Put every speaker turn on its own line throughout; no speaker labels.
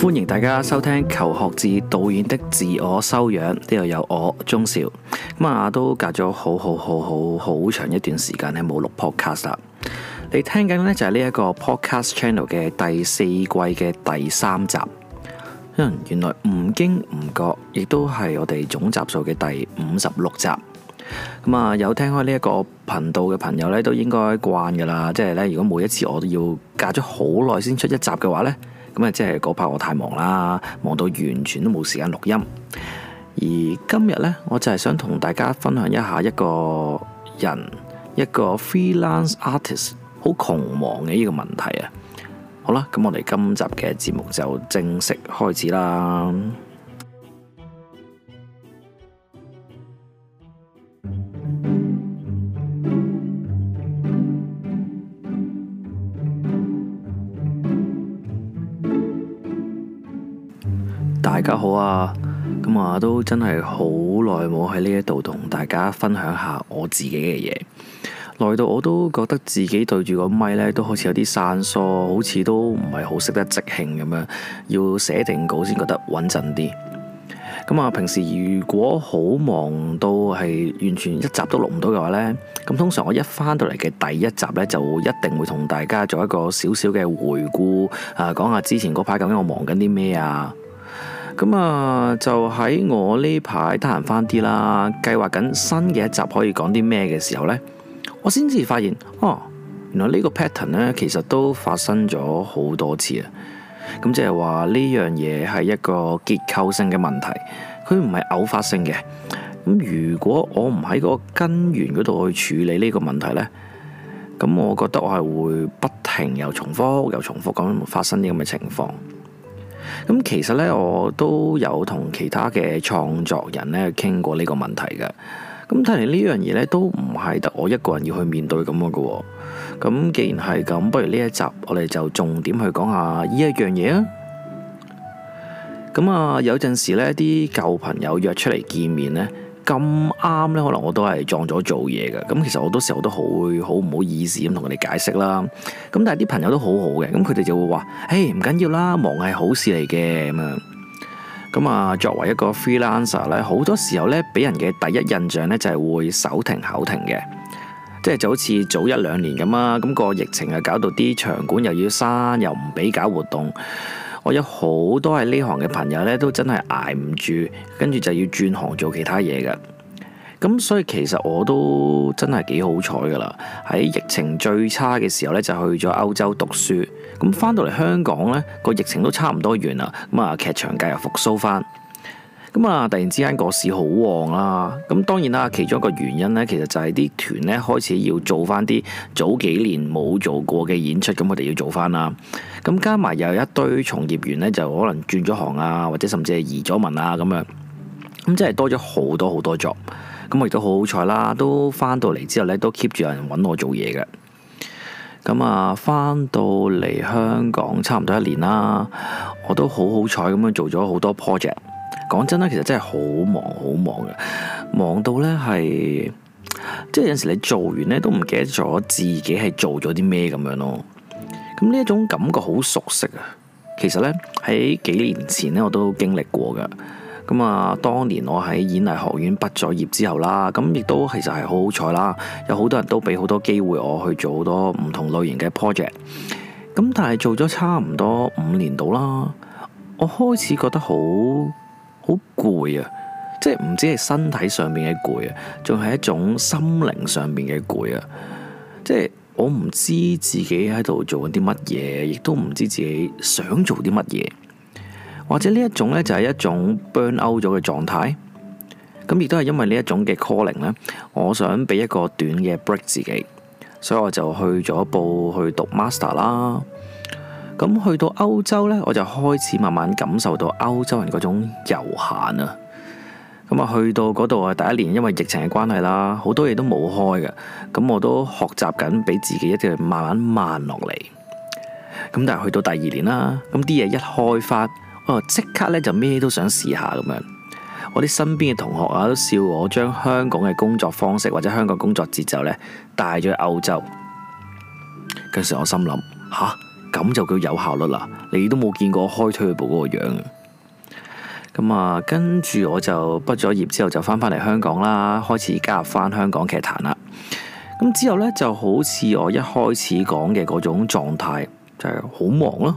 歡迎大家收聽《求學誌導演的自我修養》，呢度有我鍾兆曦咁啊，都隔咗好好好好好長一段時間咧，冇錄 podcast 啦。你聽緊呢就係呢一個 podcast channel 嘅第四季嘅第三集。嗯，原來唔經唔覺，亦都係我哋總集數嘅第五十六集。咁、嗯、啊，有聽開呢、這、一個頻道嘅朋友呢，都應該慣㗎啦，即係呢，如果每一次我都要隔咗好耐先出一集嘅話呢。咁啊，即係嗰排我太忙啦，忙到完全都冇時間錄音。而今日呢，我就係想同大家分享一下一個人，一個 freelance artist 好窮忙嘅呢個問題啊。好啦，咁我哋今集嘅節目就正式開始啦。好啊，咁啊，都真係好耐冇喺呢一度同大家分享下我自己嘅嘢。來到我都覺得自己對住個咪咧，都好似有啲散疏，好似都唔係好識得即興咁樣，要寫定稿先覺得穩陣啲。咁啊，平時如果好忙到係完全一集都錄唔到嘅話呢，咁通常我一翻到嚟嘅第一集呢，就一定會同大家做一個少少嘅回顧啊，講下之前嗰排究竟我忙緊啲咩啊。咁啊，就喺我呢排得閒翻啲啦，計劃緊新嘅一集可以講啲咩嘅時候呢，我先至發現哦、啊，原來呢個 pattern 呢其實都發生咗好多次啊。咁即係話呢樣嘢係一個結構性嘅問題，佢唔係偶發性嘅。咁如果我唔喺個根源嗰度去處理呢個問題呢，咁我覺得我係會不停又重複又重複咁發生啲咁嘅情況。咁其實咧，我都有同其他嘅創作人咧傾過呢個問題嘅。咁睇嚟呢樣嘢咧，都唔係得我一個人要去面對咁樣嘅。咁既然係咁，不如呢一集我哋就重點去講下呢一樣嘢啊。咁啊，有陣時咧，啲舊朋友約出嚟見面咧。咁啱咧，可能我都係撞咗做嘢㗎。咁其實好多時候都好，好唔好意思咁同佢哋解釋啦。咁但係啲朋友都好好嘅，咁佢哋就會話：誒，唔緊要啦，忙係好事嚟嘅。咁樣，咁啊，作為一個 freelancer 咧，好多時候咧，俾人嘅第一印象咧，就係、是、會手停口停嘅，即係就好似早一兩年咁啊，咁、那個疫情啊，搞到啲場館又要閂，又唔俾搞活動。我有好多係呢行嘅朋友咧，都真係捱唔住，跟住就要轉行做其他嘢嘅。咁所以其實我都真係幾好彩噶啦。喺疫情最差嘅時候咧，就去咗歐洲讀書。咁翻到嚟香港咧，個疫情都差唔多完啦。咁啊，劇場繼續復甦翻。咁啊！突然之間，個市好旺啦，啊。咁當然啦，其中一個原因咧，其實就係啲團咧開始要做翻啲早幾年冇做過嘅演出，咁我哋要做翻啦。咁加埋又有一堆從業員咧，就可能轉咗行啊，或者甚至係移咗民啊咁樣。咁真係多咗好多好多作。咁我亦都好好彩啦，都翻到嚟之後咧，都 keep 住有人揾我做嘢嘅。咁啊，翻到嚟香港差唔多一年啦，我都好好彩咁樣做咗好多 project。講真啦，其實真係好忙好忙嘅，忙到呢係，即係有陣時你做完呢都唔記得咗自己係做咗啲咩咁樣咯。咁呢一種感覺好熟悉啊！其實呢，喺幾年前呢我都經歷過嘅。咁啊，當年我喺演藝學院畢咗業之後啦，咁亦都其實係好好彩啦，有好多人都俾好多機會我去做好多唔同類型嘅 project。咁但係做咗差唔多五年到啦，我開始覺得好。好攰啊！即係唔知係身體上面嘅攰啊，仲係一種心靈上面嘅攰啊！即係我唔知自己喺度做緊啲乜嘢，亦都唔知自己想做啲乜嘢，或者呢一種呢，就係一種 burn out 咗嘅狀態。咁亦都係因為呢一種嘅 calling 呢，我想俾一個短嘅 break 自己，所以我就去咗報去讀 master 啦。咁去到歐洲呢，我就開始慢慢感受到歐洲人嗰種悠閒啊！咁啊，去到嗰度啊，第一年因為疫情嘅關係啦，好多嘢都冇開嘅，咁我都學習緊，俾自己一直慢慢慢落嚟。咁但係去到第二年啦，咁啲嘢一開翻，我即刻呢就咩都想試下咁樣。我啲身邊嘅同學啊都笑我，將香港嘅工作方式或者香港工作節奏呢帶咗去歐洲。跟住我心諗：「吓！」咁就叫有效率啦！你都冇見過開推佢部嗰個樣。咁、嗯、啊，跟住我就畢咗業之後就返返嚟香港啦，開始加入返香港劇壇啦。咁、嗯、之後呢，就好似我一開始講嘅嗰種狀態，就係、是、好忙咯。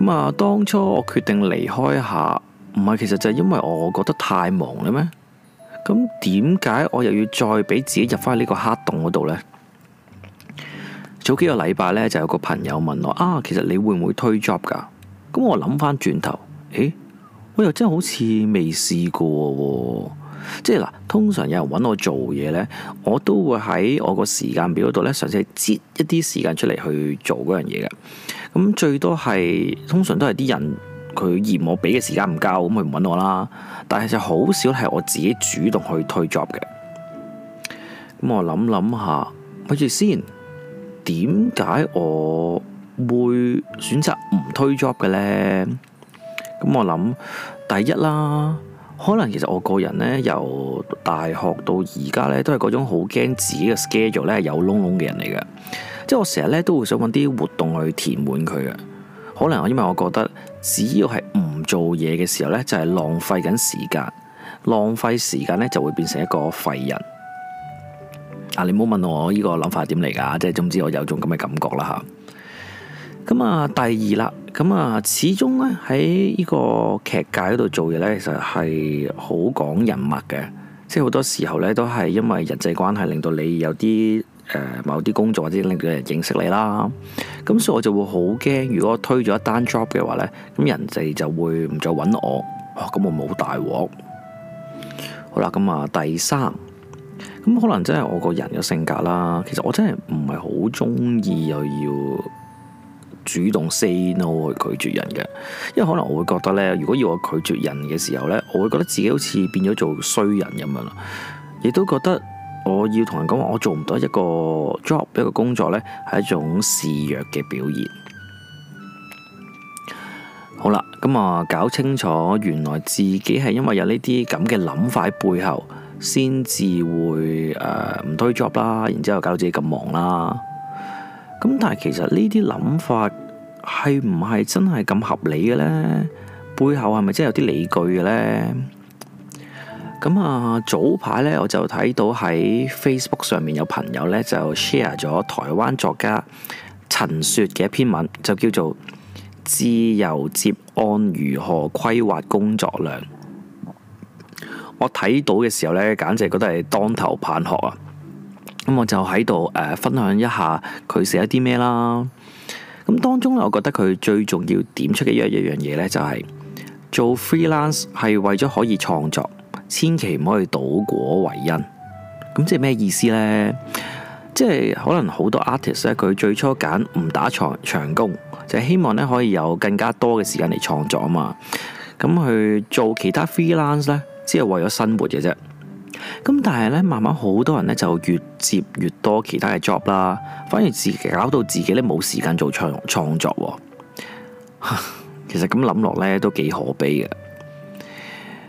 咁、嗯、啊，當初我決定離開下，唔係其實就係因為我覺得太忙啦咩？咁點解我又要再俾自己入返呢個黑洞嗰度呢？早幾個禮拜咧，就有個朋友問我啊，其實你會唔會推 job 㗎？咁我諗翻轉頭，誒，我又真係好似未試過喎、啊。即係嗱，通常有人揾我做嘢呢，我都會喺我個時間表度呢，嘗試係擠一啲時間出嚟去做嗰樣嘢嘅。咁最多係通常都係啲人佢嫌我俾嘅時間唔夠，咁佢唔揾我啦。但係就好少係我自己主動去推 job 嘅。咁我諗諗下，咪住先。點解我會選擇唔推 job 嘅咧？咁我諗第一啦，可能其實我個人咧，由大學到而家咧，都係嗰種好驚自己嘅 schedule 咧有窿窿嘅人嚟嘅，即係我成日咧都會想揾啲活動去填滿佢嘅。可能因為我覺得只要係唔做嘢嘅時候咧，就係浪費緊時間，浪費時間咧就會變成一個廢人。啊！你唔好問我呢、這個諗法點嚟噶，即係總之我有種咁嘅感覺啦吓。咁啊，第二啦，咁啊，始終咧喺呢個劇界嗰度做嘢咧，其實係好講人物嘅，即係好多時候咧都係因為人際關係令到你有啲誒、呃、某啲工作或者令到人認識你啦。咁所以我就會好驚，如果我推咗一單 job 嘅話咧，咁人哋就會唔再搵我，哇、哦！咁我冇大鑊。好啦，咁啊，第三。咁可能真係我個人嘅性格啦。其實我真係唔係好中意又要主動 say no 去拒絕人嘅，因為可能我會覺得咧，如果要我拒絕人嘅時候咧，我會覺得自己好似變咗做衰人咁樣。亦都覺得我要同人講話，我做唔到一個 job 一個工作咧，係一種示弱嘅表現。好啦，咁啊搞清楚，原來自己係因為有呢啲咁嘅諗法背後。先至會誒唔、呃、推 job 啦，然之後搞自己咁忙啦。咁但係其實呢啲諗法係唔係真係咁合理嘅呢？背後係咪真係有啲理據嘅呢？咁、嗯、啊，早排呢，我就睇到喺 Facebook 上面有朋友呢就 share 咗台灣作家陳雪嘅一篇文，就叫做《自由接案如何規劃工作量》。我睇到嘅時候咧，簡直覺得係當頭棒喝啊！咁我就喺度誒分享一下佢寫一啲咩啦。咁當中咧，我覺得佢最重要點出嘅一一樣嘢呢，就係做 freelance 係為咗可以創作，千祈唔可以倒果為因。咁即係咩意思呢？即係可能好多 artist 咧，佢最初揀唔打長長工，就係希望咧可以有更加多嘅時間嚟創作啊嘛。咁去做其他 freelance 呢。即係為咗生活嘅啫，咁但係咧，慢慢好多人咧就越接越多其他嘅 job 啦，反而自己搞到自己咧冇時間做創創作。 其實咁諗落咧都幾可悲嘅。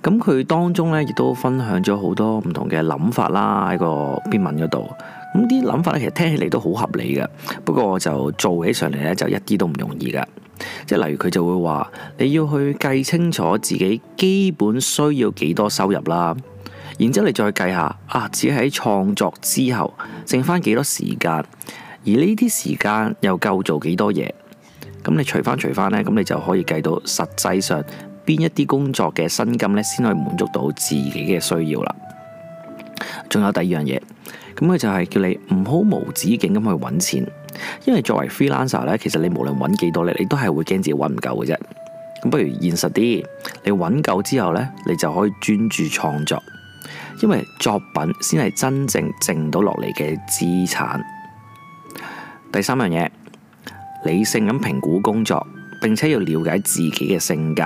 咁佢當中咧亦都分享咗好多唔同嘅諗法啦喺個編文嗰度。咁啲諗法咧其實聽起嚟都好合理嘅，不過就做起上嚟咧就一啲都唔容易噶。即係例如佢就會話，你要去計清楚自己基本需要幾多收入啦，然之後你再計下，啊自己喺創作之後剩翻幾多時間，而呢啲時間又夠做幾多嘢，咁你除翻除翻呢，咁你就可以計到實際上邊一啲工作嘅薪金咧，先可以滿足到自己嘅需要啦。仲有第二樣嘢，咁佢就係叫你唔好無止境咁去揾錢。因為作為 freelancer 咧，其實你無論揾幾多咧，你都係會驚自己揾唔夠嘅啫。咁不如現實啲，你揾夠之後呢，你就可以專注創作，因為作品先係真正剩到落嚟嘅資產。第三樣嘢，理性咁評估工作，並且要了解自己嘅性格。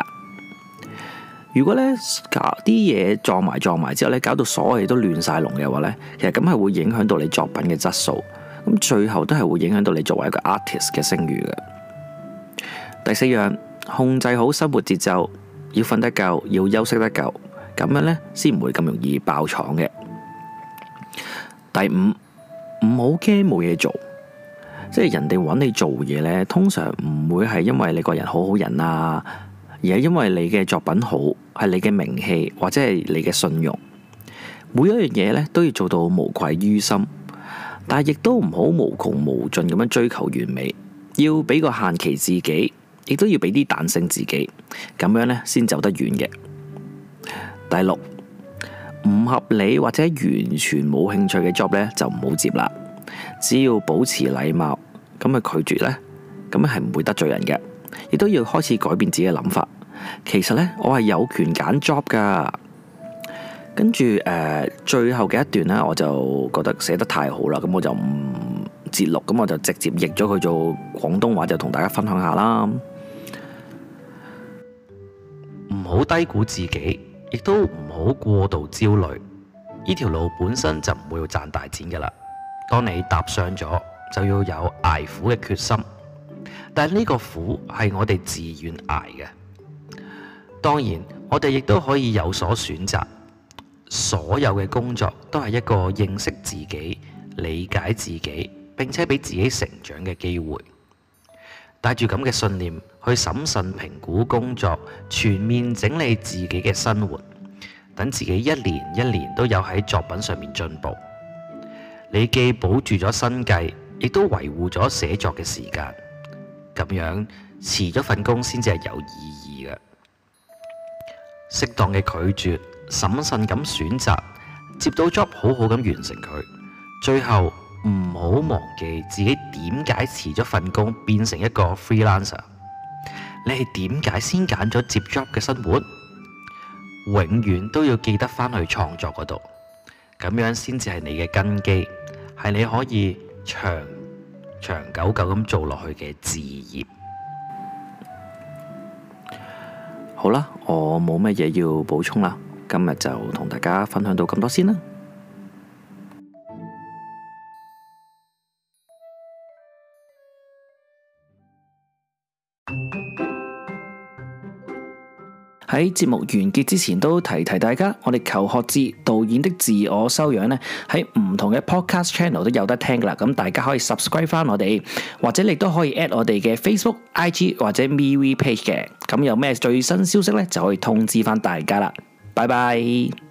如果呢搞啲嘢撞埋撞埋之後咧，搞到所有嘢都亂晒龍嘅話呢，其實咁係會影響到你作品嘅質素。咁最後都係會影響到你作為一個 artist 嘅聲譽嘅。第四樣，控制好生活節奏，要瞓得夠，要休息得夠，咁樣呢先唔會咁容易爆廠嘅。第五，唔好驚冇嘢做，即係人哋揾你做嘢呢，通常唔會係因為你個人好好人啊，而係因為你嘅作品好，係你嘅名氣或者係你嘅信用。每一樣嘢呢，都要做到無愧於心。但亦都唔好無窮無盡咁樣追求完美，要俾個限期自己，亦都要俾啲彈性自己，咁樣呢先走得遠嘅。第六，唔合理或者完全冇興趣嘅 job 呢，就唔好接啦。只要保持禮貌，咁咪拒絕呢，咁樣係唔會得罪人嘅。亦都要開始改變自己嘅諗法。其實呢，我係有權揀 job 噶。跟住誒，最後嘅一段咧，我就覺得寫得太好啦，咁我就唔節錄，咁我就直接譯咗佢做廣東話，就同大家分享下啦。唔好低估自己，亦都唔好過度焦慮。呢條路本身就唔會要賺大錢㗎喇。當你踏上咗，就要有捱苦嘅決心。但係呢個苦係我哋自願捱嘅。當然，我哋亦都可以有所選擇。所有嘅工作都係一個認識自己、理解自己，並且俾自己成長嘅機會。帶住咁嘅信念去審慎評估工作，全面整理自己嘅生活，等自己一年一年都有喺作品上面進步。你既保住咗生計，亦都維護咗寫作嘅時間。咁樣辭咗份工先至係有意義嘅。適當嘅拒絕。審慎咁選擇接到 job，好好咁完成佢。最後唔好忘記自己點解辭咗份工，變成一個 freelancer。你係點解先揀咗接 job 嘅生活？永遠都要記得翻去創作嗰度，咁樣先至係你嘅根基，係你可以長長久久咁做落去嘅事業。好啦，我冇乜嘢要補充啦。今日就同大家分享到咁多先啦。喺節 目完結之前，都提提大家，我哋求學誌導演的自我修養呢，喺唔同嘅 podcast channel 都有得聽㗎喇。咁大家可以 subscribe 返我哋，或者你都可以 at 我哋嘅 Facebook、IG 或者 MeWe Page 嘅。咁有咩最新消息呢，就可以通知返大家啦。拜拜。